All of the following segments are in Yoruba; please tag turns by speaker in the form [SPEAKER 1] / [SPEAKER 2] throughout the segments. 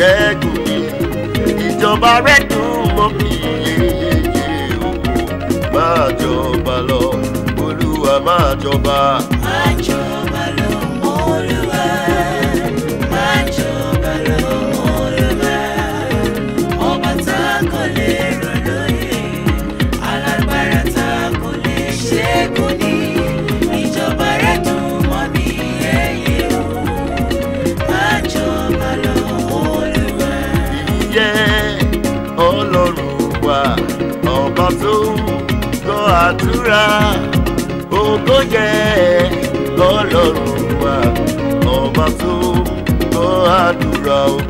[SPEAKER 1] ìṣẹ́gun mi ìjọba rẹ dùn mọ́ mi yéyéyé máa jọba lọ olúwa máa jọba. búra ògo jẹ́ lọ́lọ́run wa ọba tó ń gbọ́ àdúrà o.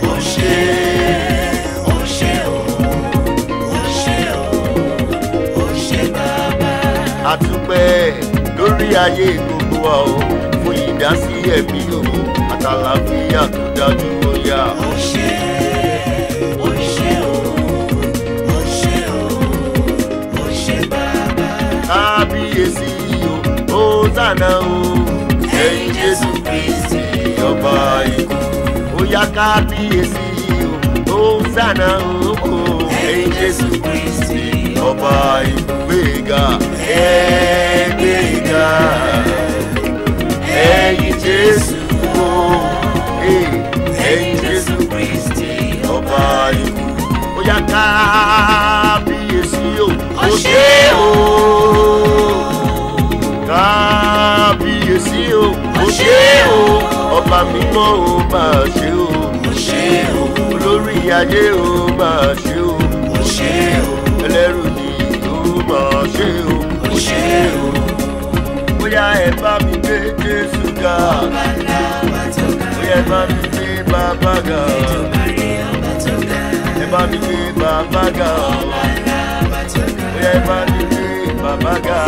[SPEAKER 1] àdúpẹ́ lórí ayé gbogbo wa o fún ìdásí ẹ̀mí òun àtàlàfíà tó dájú bóyá. o ó ṣe o ó ṣe bàbá. kábíyèsí o ó sànà o ẹ̀yin jésù kristi ọba ikú ó yá kábíyèsí o ó sànà o ẹ̀yin jésù kristi ọba ikú gbéga ẹgbẹ́ga ẹ̀yin jésù o ẹ̀yin jésù kristi ọba ikú. ó yá kábíyèsí o ó ṣe o kábíyèsí o ó ṣe o ọba o máa o olórí ayé o máa ṣe o ẹlẹ́rù ni yóò máa ṣe o ṣe o bóyá ẹ bá mi gbé Jésù ga bóyá ẹ bá mi gbé bàbá ga ẹ bá mi gbé bàbá ga bóyá ẹ bá mi gbé bàbá ga.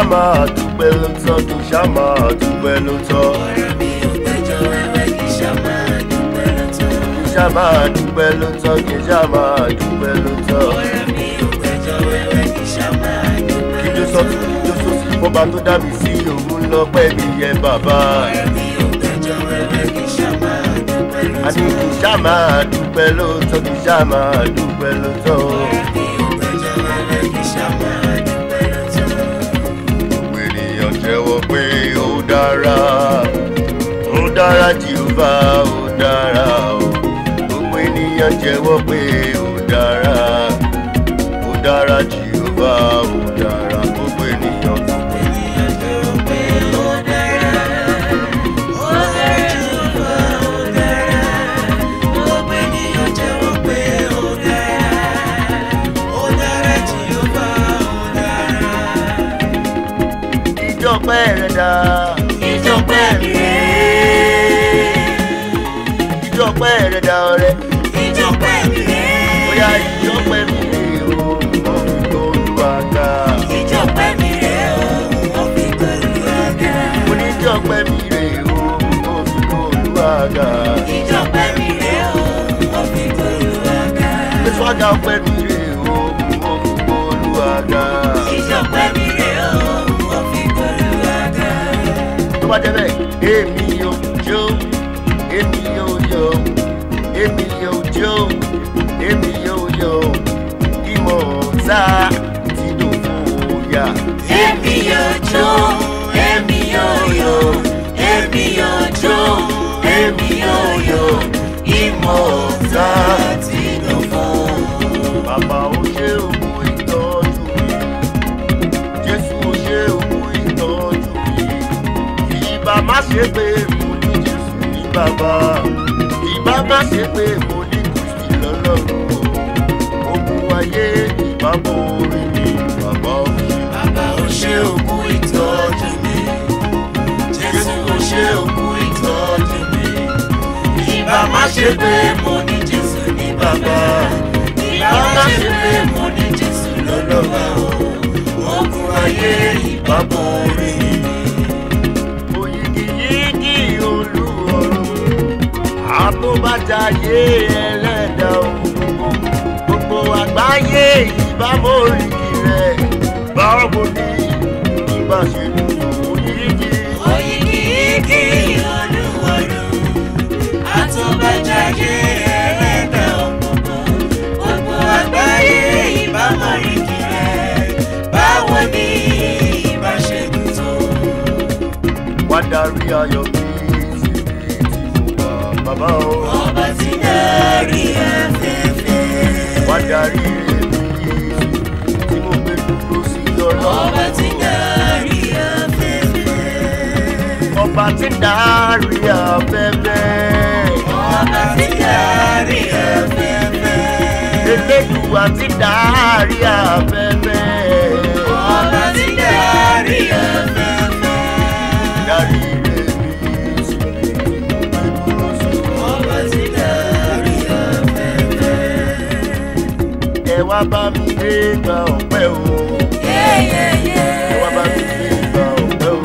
[SPEAKER 1] ṣàmà dúpẹ́ ló tọ́ tó ṣàmà dúpẹ́ ló tọ́. mi ò gbẹ́jọ́ wẹ́wẹ́ kì í ṣàmà dúpẹ́ ló tọ́. kì í ṣàmà dúpẹ́ ló tọ́ kì í ṣàmà dúpẹ́ ló tọ́. ọ̀rọ̀ ló tọ́. kí ló sọ bọ́ba tó dá mi sí òun lọ́pẹ́ mi yẹ bàbá. ọ̀rọ̀ mi ò gbẹ́jọ́ wẹ́wẹ́ kì í ṣàmà dúpẹ́ ló tọ́. àní kì í ṣàmà dúpẹ́ ló tọ́ kì í ṣàmà dúpẹ́ ló tọ́. dára ó dára jìhófà ó dára o gbogbo ènìyàn jẹ́wọ́ pé ó dára ó dára jìhófà ó dára gbogbo ènìyàn. ọpẹ́ rẹ̀ dáa ọpẹ́ mi rẹ̀. Ijó ọpẹ́ rẹ̀ dá ọrẹ. Ijó ọpẹ́ mi rẹ̀. Bóyá ijó ọpẹ́ mi rẹ̀ o, mo fi gbóòlù àga. Ijó ọpẹ́ mi rẹ̀ o, mo fi gbóòlù àga. Mo ní ijó ọpẹ́ mi rẹ̀ o, mo fi gbóòlù àga. Ijó ọpẹ́ mi rẹ̀ o, mo fi gbóòlù àga. Gbèsè wá ga mi rẹ̀. bá jẹ́ bẹ́ẹ̀ èmi yóò jó èmi yóò jó èmi yóò èmi yóò ìmọ̀ ọ̀tá ti dùn fún ya. èmi yóò jó èmi
[SPEAKER 2] yóò jó èmi yóò jó èmi yóò
[SPEAKER 1] ìmọ̀ ọ̀tá. ṣe pé mo ní Jésù ní bàbá ìbá má ṣe pé mo ní Kristi lọ́lọ́run ogun ayé ìbá mo rí ní bàbá o. bàbá o ṣe òkun ìtọ́jú mi
[SPEAKER 2] Jésù o ṣe òkun ìtọ́jú mi ìbá má ṣe pé mo ní Jésù ní bàbá ìbá má ṣe pé mo ní Jésù
[SPEAKER 1] lọ́lọ́run ogun ayé ìbá mo má jayé ẹlẹ́dẹ̀ òun gbogbo àgbáyé ìbámu òrìkì rẹ̀ báwo ni ìbá ṣe mú òyìnkì. òyìnkì kí olúwolú àtúbọ̀jáde
[SPEAKER 2] ẹlẹ́dẹ̀ òkùnkùn gbogbo àgbáyé ìbámu òrìkì rẹ̀
[SPEAKER 1] báwo ni ìbá ṣe mú tó. wá darí ayọ̀ bíi ti ti fún wa bàbá o. Koiki FM. wá darí ètò yìí tí mo gbé dúró sí ọlọ́. ọba tí ń afẹ́fẹ́. ọba tí ń darí afẹ́fẹ́. wá bá mi gbé gba ọpẹ́ o. ẹ wá bá mi gbé gba ọpẹ́ o.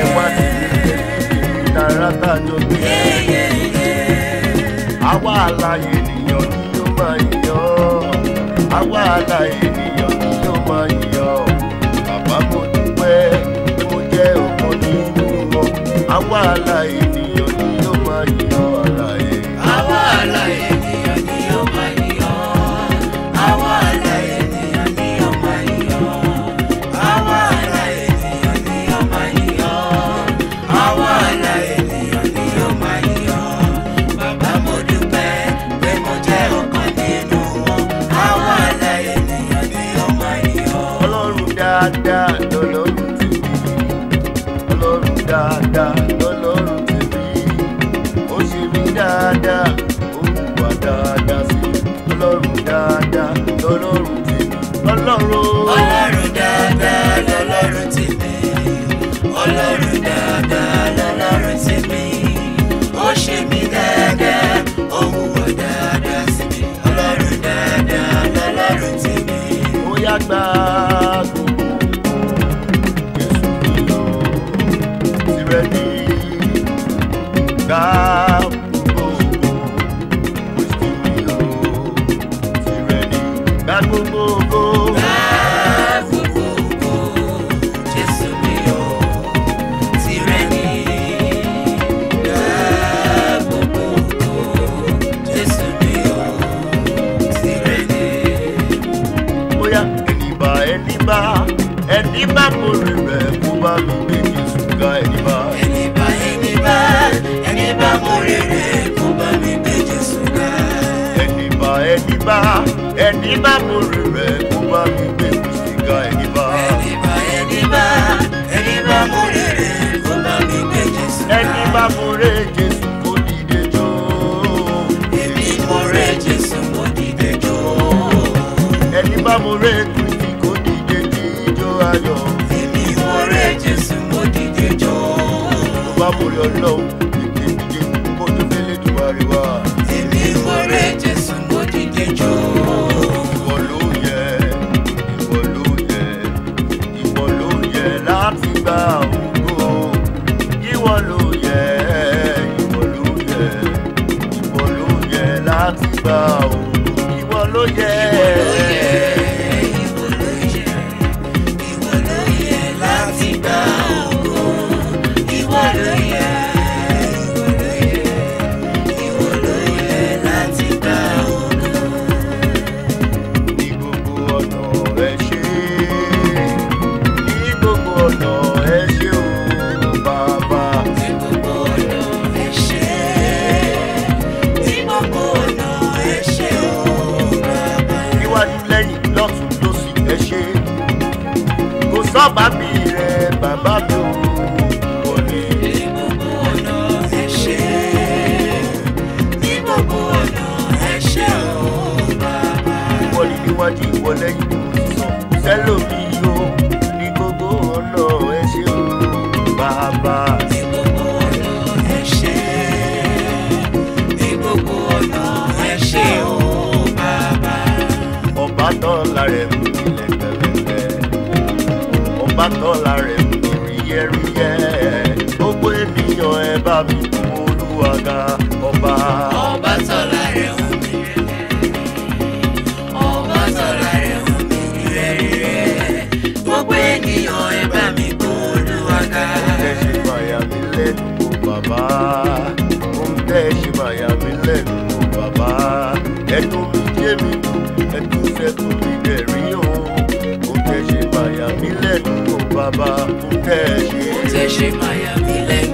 [SPEAKER 1] ẹ wá ní ilé tààrà tàjọ gbé. àwa àlàyé ènìyàn ni yóò máa yọ. àwa àlàyé ènìyàn ni yóò máa yọ. bàbá mo dúpẹ́ mo jẹ́ ọ̀kan nínú wọn. àwa àlàyé. dáadáa ó wà dáadáa sí ọlọ́run dáadáa lọ́lọ́run tèmi ọlọ́run. ọlọ́run dáadáa lọ́lọ́run tèmi
[SPEAKER 2] ọlọ́run dáadáa lọ́lọ́run tèmi ó ṣe mí
[SPEAKER 1] dáadáa ó wùwà dáadáa sí ọlọ́run dáadáa lọ́lọ́run tèmi. ó yá gbàá. ibaburu. bàbá mi rẹ̀ bàbá mi ò wọ̀ ni ní gbogbo ọ̀nà ẹ ṣé ní gbogbo ọ̀nà ẹ ṣé o bàbá. ìwọ ni níwájú ìwọ lẹ́yìn sọ sẹ́lómi. tẹ̀ ṣe. mo tẹ̀ ṣe máyà mi lẹ́yìn.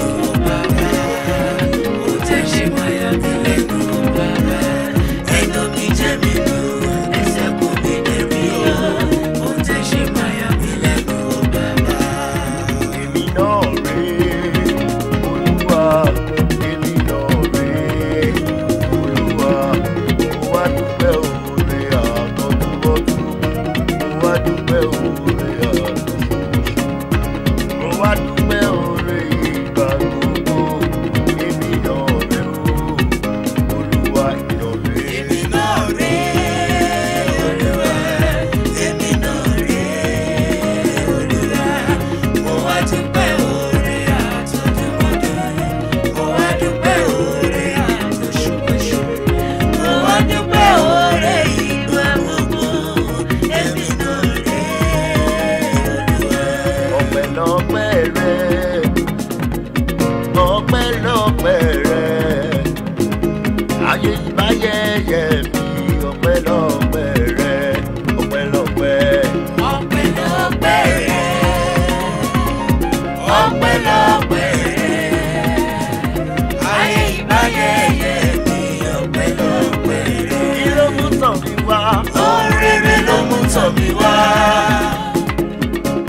[SPEAKER 1] Orere ló mú tọ̀ mí wá.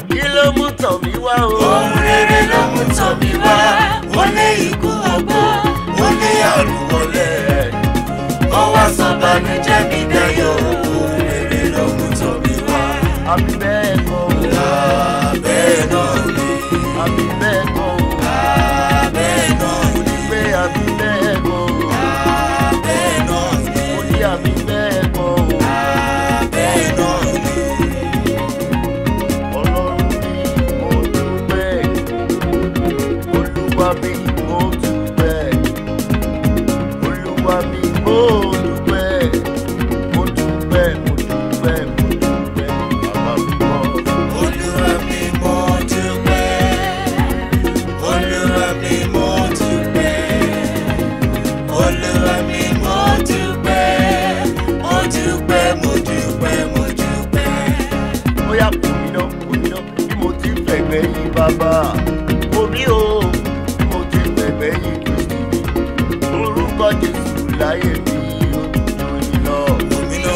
[SPEAKER 1] Kí ló mú tọ̀ mí wá o? Orere
[SPEAKER 2] ló mú tọ̀ mí wá. Wọlé ikú ọgbọ́, wọlé àrùn wọlé. Ó wá sọ̀bànújẹ́ mi dayọ̀. Orere ló mú tọ̀
[SPEAKER 1] mí wá. Àbí bẹ́ẹ̀. láyé mi ó dùn lọ. Gómìnà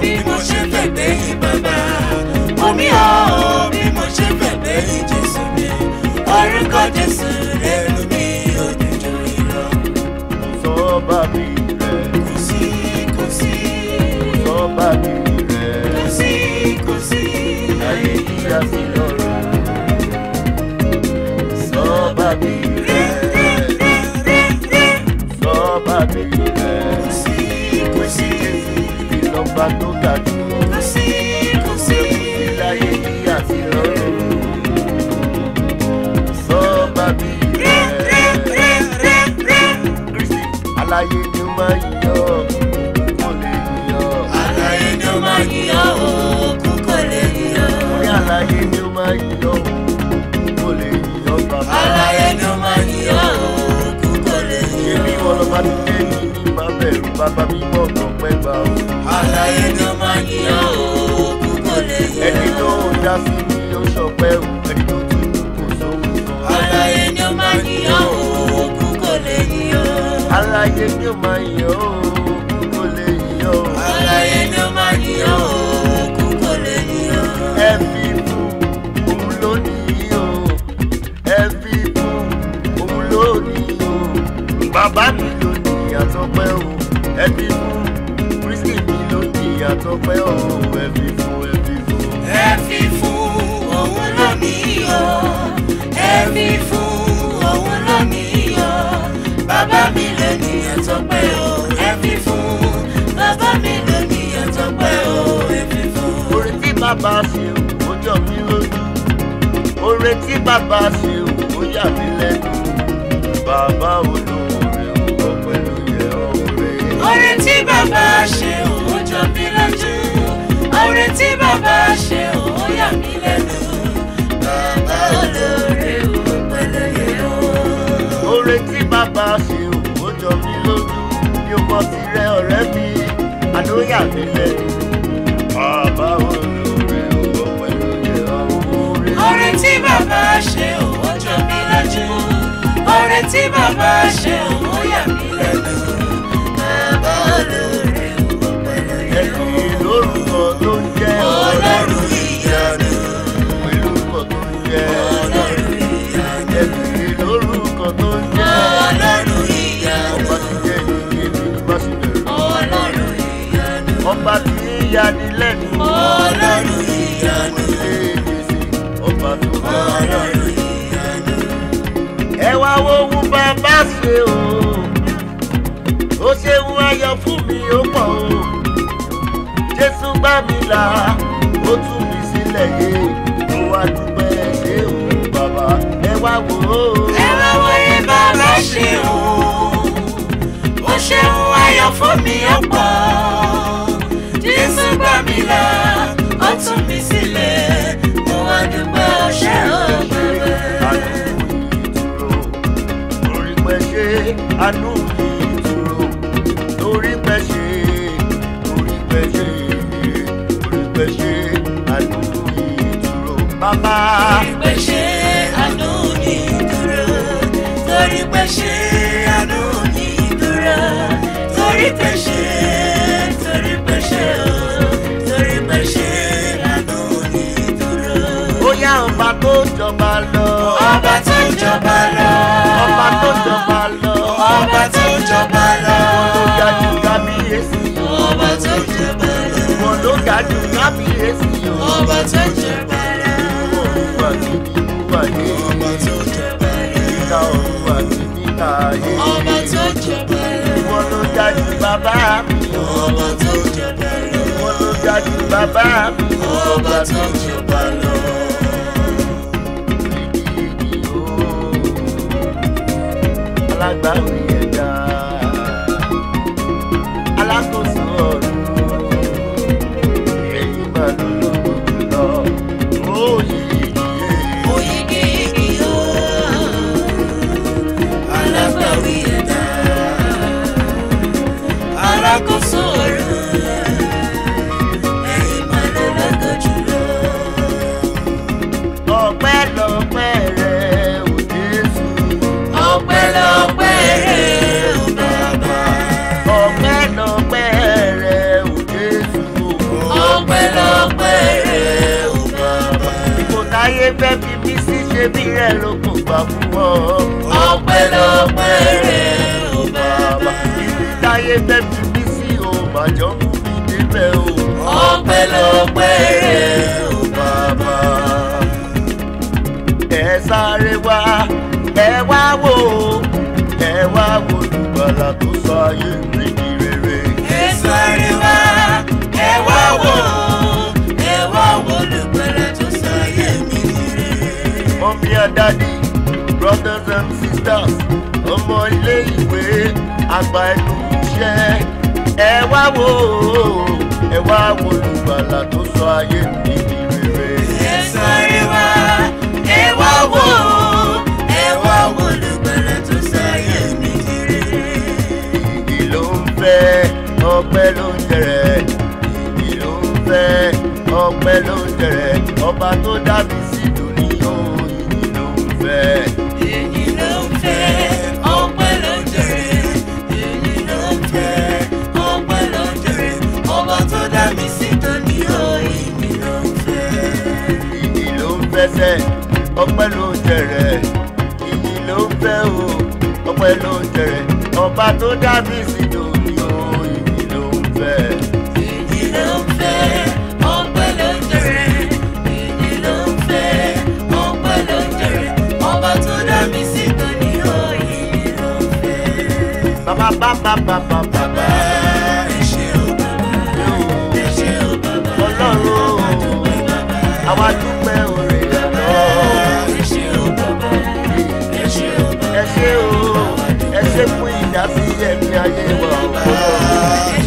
[SPEAKER 1] bí mo ṣe fẹ́ gbẹ̀yìn
[SPEAKER 2] bàbá. Gómìnà bí mo ṣe fẹ́ gbẹ̀yìn Jésù mi.
[SPEAKER 1] Orúkọ Jésù rẹ̀ lù mí ó dùn jù lọ. ọba tó ga jù. kò sí kò sí láyé bí àti lọ́rùn. sọ́ọ́bà bí rẹ̀ aláyé ni ó máa yọ kókó lè yọ. aláyé ni ó máa yọ kókó lè yọ. mi bọ̀ kàn pẹ́ gbà aláyé ló máa ní ya òkú kò lè yẹ. ẹni tó ń dá sí ni ó ṣọpẹ́ o ẹni tó tún kò sówó sọ. aláyé ló máa ní ọ̀hún òkú kò lè ní o. aláyé ló máa yọ ọpẹ́ o ẹbí fún ẹbí fún. ẹbí fún òun lónìí o
[SPEAKER 2] ẹbí fún òun lónìí o bàbá mi lónìyàn tó pé o ẹbí fún
[SPEAKER 1] bàbá mi lónìyàn tó pé o ẹbí ó jọ mí lójú bàbá ṣe ó yà mí yẹ ọ̀rẹ́. orin tí bàbá ṣe ó jọ mí lójú tí bàbá ṣe ò yà mí lẹ́nu bàbá olóore ò pẹ́lẹ́yẹ o. oore tí bàbá ṣe ò jọ mí lójú bí o mọ tirẹ̀ ọ̀rẹ́ mi àló yà mí lẹ́nu bàbá olóore ò pẹ́lẹ́yẹ o. oore tí bàbá ṣe
[SPEAKER 2] ò jọ mí lójú oore tí bàbá ṣe ò yà mí.
[SPEAKER 1] dé o ó ṣeun ayọ̀ fún mi ó pọ̀ o Jésù gbà mí là ó tú mi sílẹ̀ yé mo wá dúpẹ́ dé o bàbá ẹ wá wò ó. ẹ wá wo yé bàbá ṣe o ó ṣeun
[SPEAKER 2] ayọ̀ fún mi ó pọ̀ Jésù gbà mí là.
[SPEAKER 1] àánú mi ìṣòro torí pẹ́ ṣe torí pẹ́ ṣe torí pẹ́ àdù kábíyèsí o. ọba tó jẹ bẹ̀rẹ̀. ọba tó ní búwa dé. ọba tó jẹ bẹ̀rẹ̀. níta ọ̀run àti níta ayé. ọba tó jẹ bẹ̀rẹ̀. ìwọ ló dájú bàbá mi. ọba tó jẹ bẹ̀rẹ̀. ìwọ ló dájú bàbá mi. ọba tó jẹ bẹ̀rẹ̀. alágbàwí. ṣebí rẹ̀ ló kò gbà fún ọ. ọpẹ́lọpẹ́ rẹ ò bàbá. ibi táyé fẹ́ fi sí o màjọ mú mi débẹ̀ o. ọpẹ́lọpẹ́ rẹ ò bàbá. ẹ sáré wá ẹ wá wò ẹ wá wò olùgbàlà tó sọ ayé mi di ẹ sáré wá ẹ wá wò. Daddy, brothers and sisters ọmọ ilé ìwé àgbà ẹnu iṣẹ́ ẹ wá wò ó ẹ wá wò olùgbàlà tó sọ ayé mi di rere. ẹ sọ ẹ wá ẹ wá wò ẹ wá wò olùgbàlà tó sọ ayé mi di rere. ìdí ló ń fẹ́ ọpẹ́ ló ń jẹrẹ ìdí ló ń fẹ́ ọpẹ́ ló ń jẹrẹ ọba tó dábì sí fẹ́. èyí ló ń fẹ́ ọpẹ́ ló ń jèrè èyí ló ń fẹ́ ọpẹ́ ló ń jèrè ọba tó dá mi sí tó o èyí ló ń o ọpẹ́ ló ń jèrè ọba tó dá I wa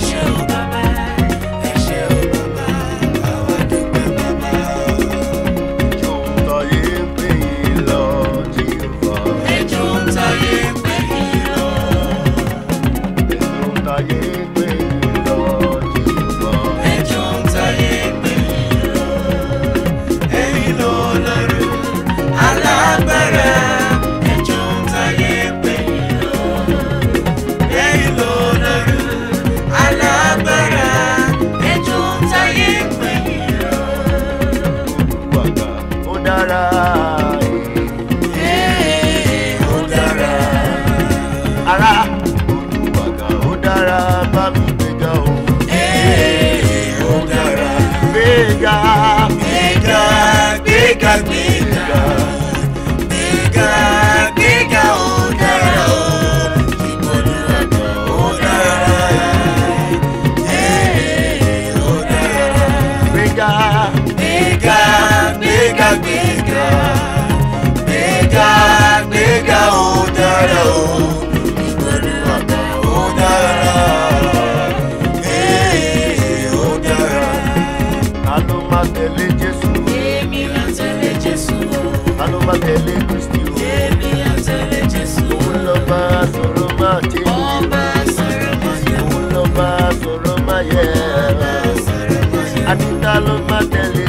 [SPEAKER 1] I love my tẹ̀lé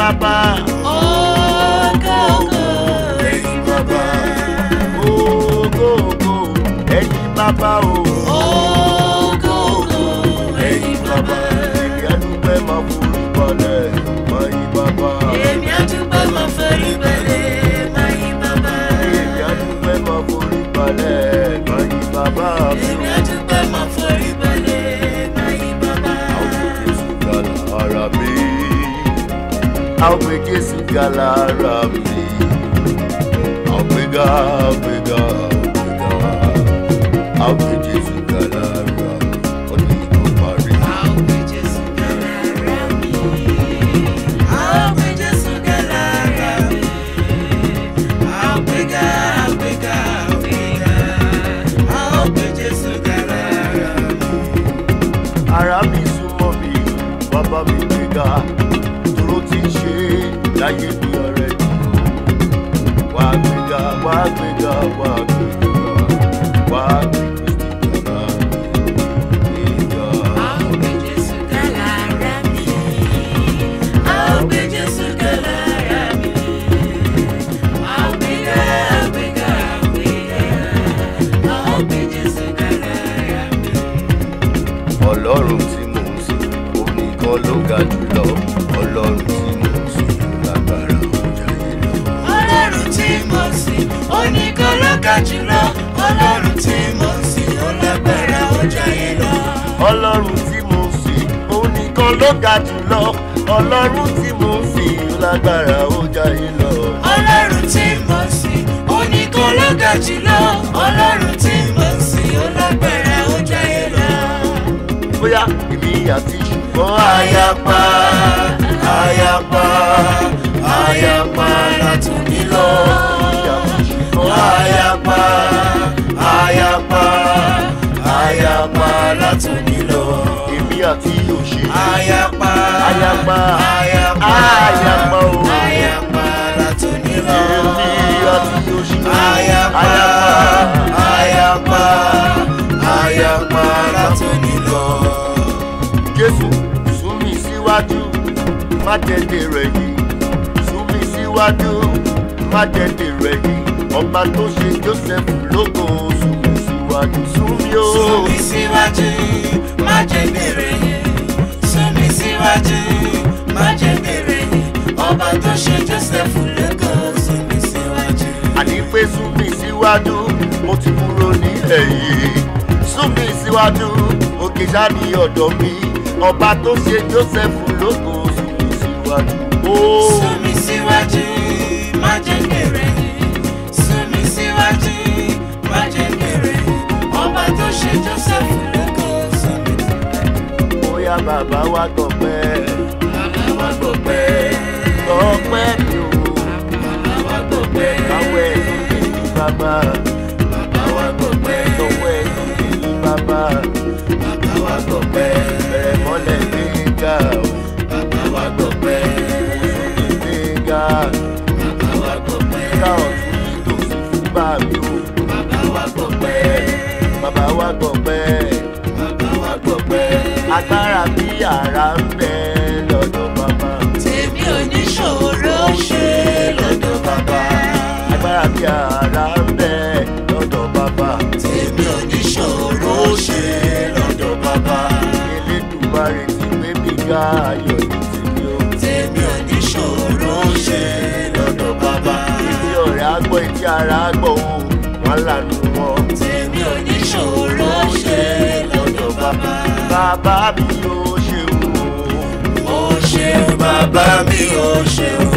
[SPEAKER 1] bàbá. Ògo ògo ẹ̀yin bàbá. Ògo ògo ẹ̀yin bàbá o. àgbèjì sí galara mi àgbègà àgbègà. world. àyàpá àyàpá o àyàpá látòní lọ èmi àti oṣù àyàpá àyàpá àyàpá látòní lọ. Jésù sún mi síwájú má tètè rẹ̀ yìí sún mi síwájú má tètè rẹ̀ yìí ọba tó ṣe Jósẹ́fù lógo sùn mi síwájú sún mi ó. sún mi síwájú má jẹ́ bèrè yìí àní pé súnmí síwájú mo ti kúrò nílẹ̀ yìí súnmí síwájú òkè sáni ọ̀dọ̀ mi ọba tó ṣe Joseph lóko súnmí síwájú. súnmí síwájú má jẹ́ kéré. bàbá wa tọpẹ́. bàbá wa tọpẹ́. tọpẹ́ mi o. bàbá wa tọpẹ́. káwọ́ ẹ̀sùn kìíní bàbá. bàbá wa tọpẹ́. tọwọ́ ẹ̀sùn kìíní bàbá. bàbá wa tọpẹ́. bẹ̀rẹ̀ mọ́lẹ̀ ní ìjà o. yàrá ń bẹ lọ́dọ̀ bàbá. tèmi oníṣòro ṣe lọ́dọ̀ bàbá. agbára bí ara ń bẹ lọ́dọ̀ bàbá. tèmi oníṣòro ṣe lọ́dọ̀ bàbá. Elédùmarè ti gbé mi ga ayọ̀ ní tèmi o. tèmi oníṣòro ṣe lọ́dọ̀ bàbá. ibi ọ̀rẹ́ àgbọ̀ ìdí ara àgbọ̀ o wọ́n lànà wọn. tèmi oníṣòro ṣe lọ́dọ̀ bàbá. bàbá mi ò ṣe ṣeun bàbá mi o ṣeun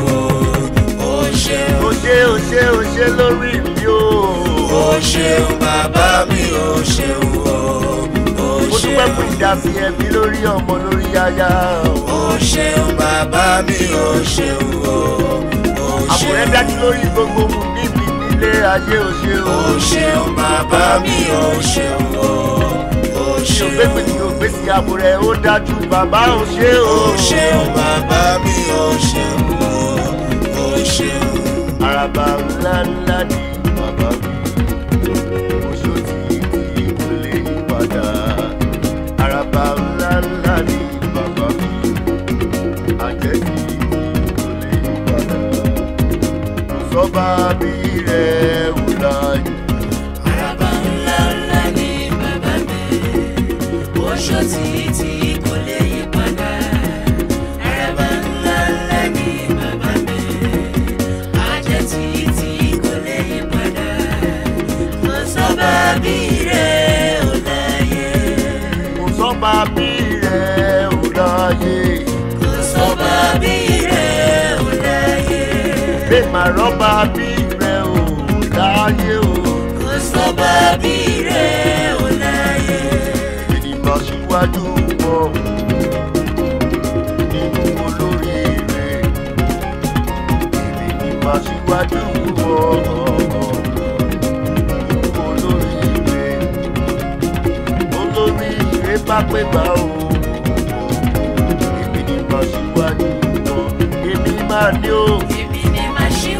[SPEAKER 1] o ṣeun. o ṣe o ṣe o ṣe lórí mi o. o ṣeun bàbá mi o ṣeun o ṣeun. mo dúpẹ́ fún ìdásí ẹbí lórí ọmọ lórí yáyá o. o ṣeun bàbá mi o ṣeun o ṣeun. àbúrẹ́ dájú lórí gbogbo mu níbi nílé ayé o ṣeun. o ṣeun bàbá mi o ṣeun o òṣèlú pènìyàn gbèsè ààbò rẹ̀ ó dájú bàbá ò ṣe o. ó ṣe o bàbá mi ò ṣe o ò ṣe o. àràbà ńlá ńlá ni. rọ́bà bí rẹ̀ ò láyé o. kò sọ́bà bí rẹ̀ ò láyé. ènìyàn síwájú bọ̀ nínú olórí rẹ̀ ènìyàn síwájú bọ̀. bá pé gbà ó. Èmi o. màá ṣíwájú wọn, èmi máa ní òun.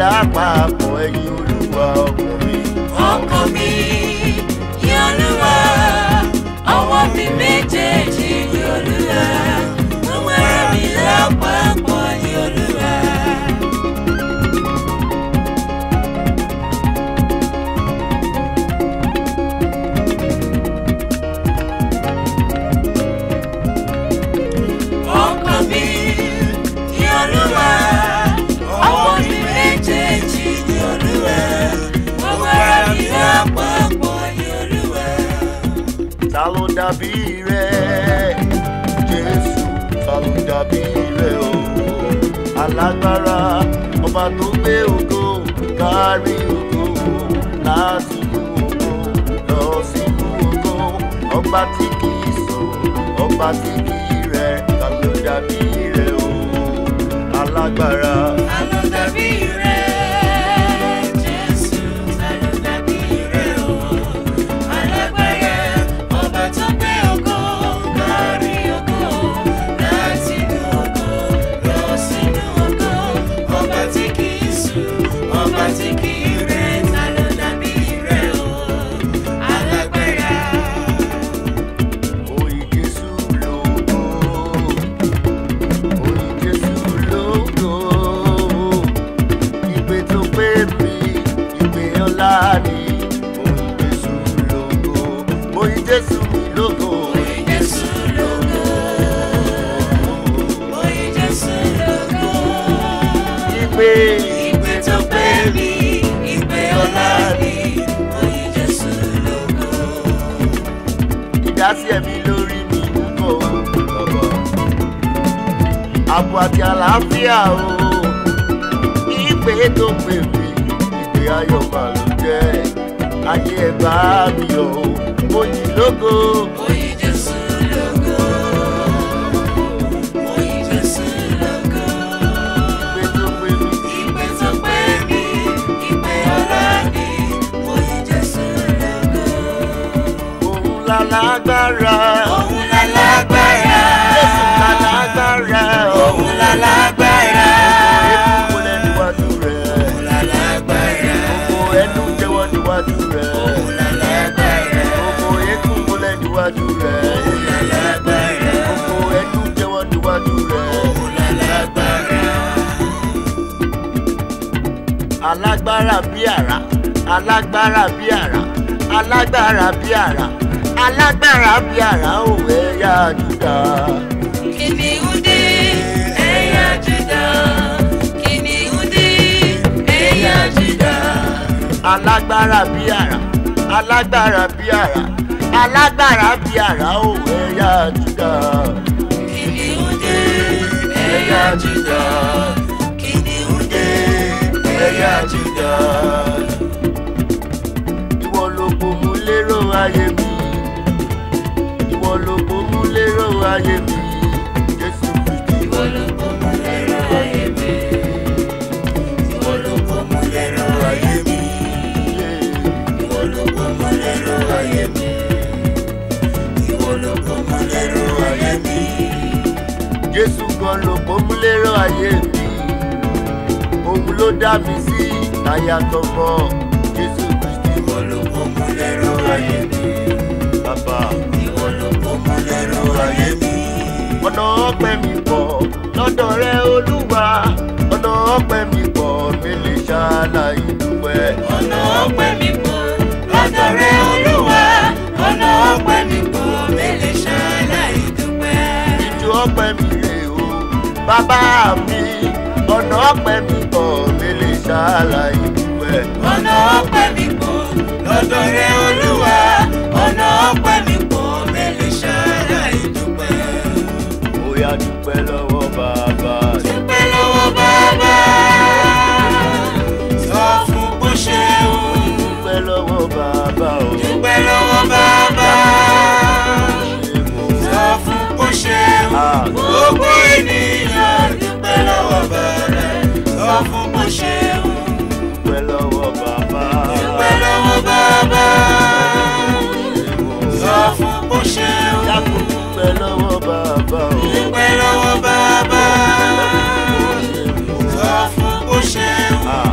[SPEAKER 1] lápapọ̀ ẹ̀yin olúwa ọkàn mi. ọkàn mi yín olúwa ọwọ́ mi méjèèjì bá ti bí rẹ̀ dàbí rẹ̀ o alágbára. ta ló alágbára bí àrá alágbára bí àrá alágbára bí àrá alágbára bí àrá ò ẹ̀yà Júdà. kìnìún dé ẹ̀yà Júdà kìnìún dé ẹ̀yà Júdà. alágbára bí àrá alágbára bí àrá alágbára bí àrá ò ẹ̀yà Júdà. kìnìún dé ẹ̀yà Júdà ẹlẹ́yà jìjà. ìwọ ló kò mú lérò ayé mi. ìwọ ló kò mú lérò ayé mi. Jésù Kristi. ìwọ ló kò mú lérò ayé mi. ìwọ ló kò mú lérò ayé mi òun ló dá mi sí táyà tọmọ Jésù Kristi ìwọ ló kó mú lẹ́rọ ayé mi bàbá ìwọ ló kó mú lẹ́rọ ayé mi. ọ̀nà ọpẹ́ mi pọ̀ lọ́dọ̀ rẹ Olúwa ọ̀nà ọpẹ́ mi pọ̀ mi lè ṣàlàyé dúpẹ́. ọ̀nà ọpẹ́ mi pọ̀ lọ́dọ̀ rẹ Olúwa ọ̀nà ọpẹ́ mi pọ̀ mi lè ṣàlàyé dúpẹ́. ìjọ ọpẹ́ mi rè o bàbá mi ọ̀nà ọpẹ́ mi wàhálà ìlú ọ̀nà ọ̀pẹ mi kò lọ́dọ̀ rẹ olúwa ọ̀nà ọ̀pẹ mi kò mẹ́lẹ̀ ṣáárà ìdúpẹ́. ó yá dúpẹ́ lọ́wọ́ bàbá.
[SPEAKER 2] dúpẹ́ lọ́wọ́ bàbá. sọ fún bó ṣe ń. dúpẹ́ lọ́wọ́ bàbá o. dúpẹ́ lọ́wọ́ bàbá. sọ fún bó ṣe ń. Ah. gbogbo ènìyàn dúpẹ́ lọ́wọ́ bàbá sọ fún bó ṣe ń.
[SPEAKER 1] bàbá o. dúpẹ́ lọ́wọ́ bàbá sọ fún ah. kó ṣe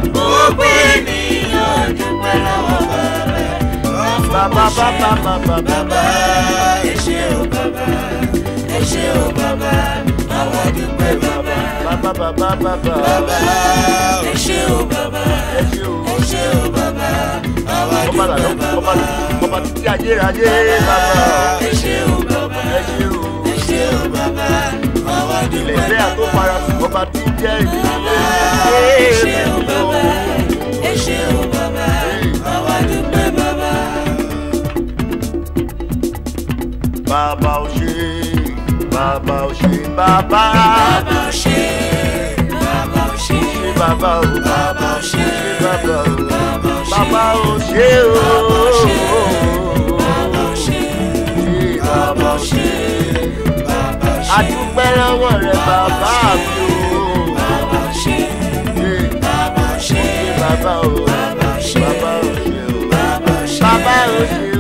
[SPEAKER 1] gbogbo
[SPEAKER 2] ènìyàn dúpẹ́ lọ́wọ́ bàbá sọ fún kó ṣe
[SPEAKER 1] bàbá ẹ ṣé o bàbá ẹ ṣé o bàbá àwọn dúpẹ́ bàbá bàbá bàbá bàbá ẹ ṣé o bàbá ẹ ṣé o bàbá àwọn dúpẹ́ bàbá bàbá ẹ ṣé o bàbá ẹ ṣé o ilẹ̀ ilẹ̀ àtó para sí ọba tí ń jẹ́ ìlú ilé ṣe o bàbá ẹ o bàbá àwa dúpẹ́ bàbá. bàbá ò ṣe bàbá ò ṣe bàbá. bàbá ò ṣe bàbá ò ṣe bàbá ò bàbá ò ṣe bàbá ò bàbá ò ṣe o. bàbá ò ṣe bàbá ò ṣe bàbá ò ṣe adúpẹ́ lọ́wọ́ rẹ bàbá mi o. bàbá ṣe bàbá ṣe bàbá o bàbá ṣe o bàbá ṣe.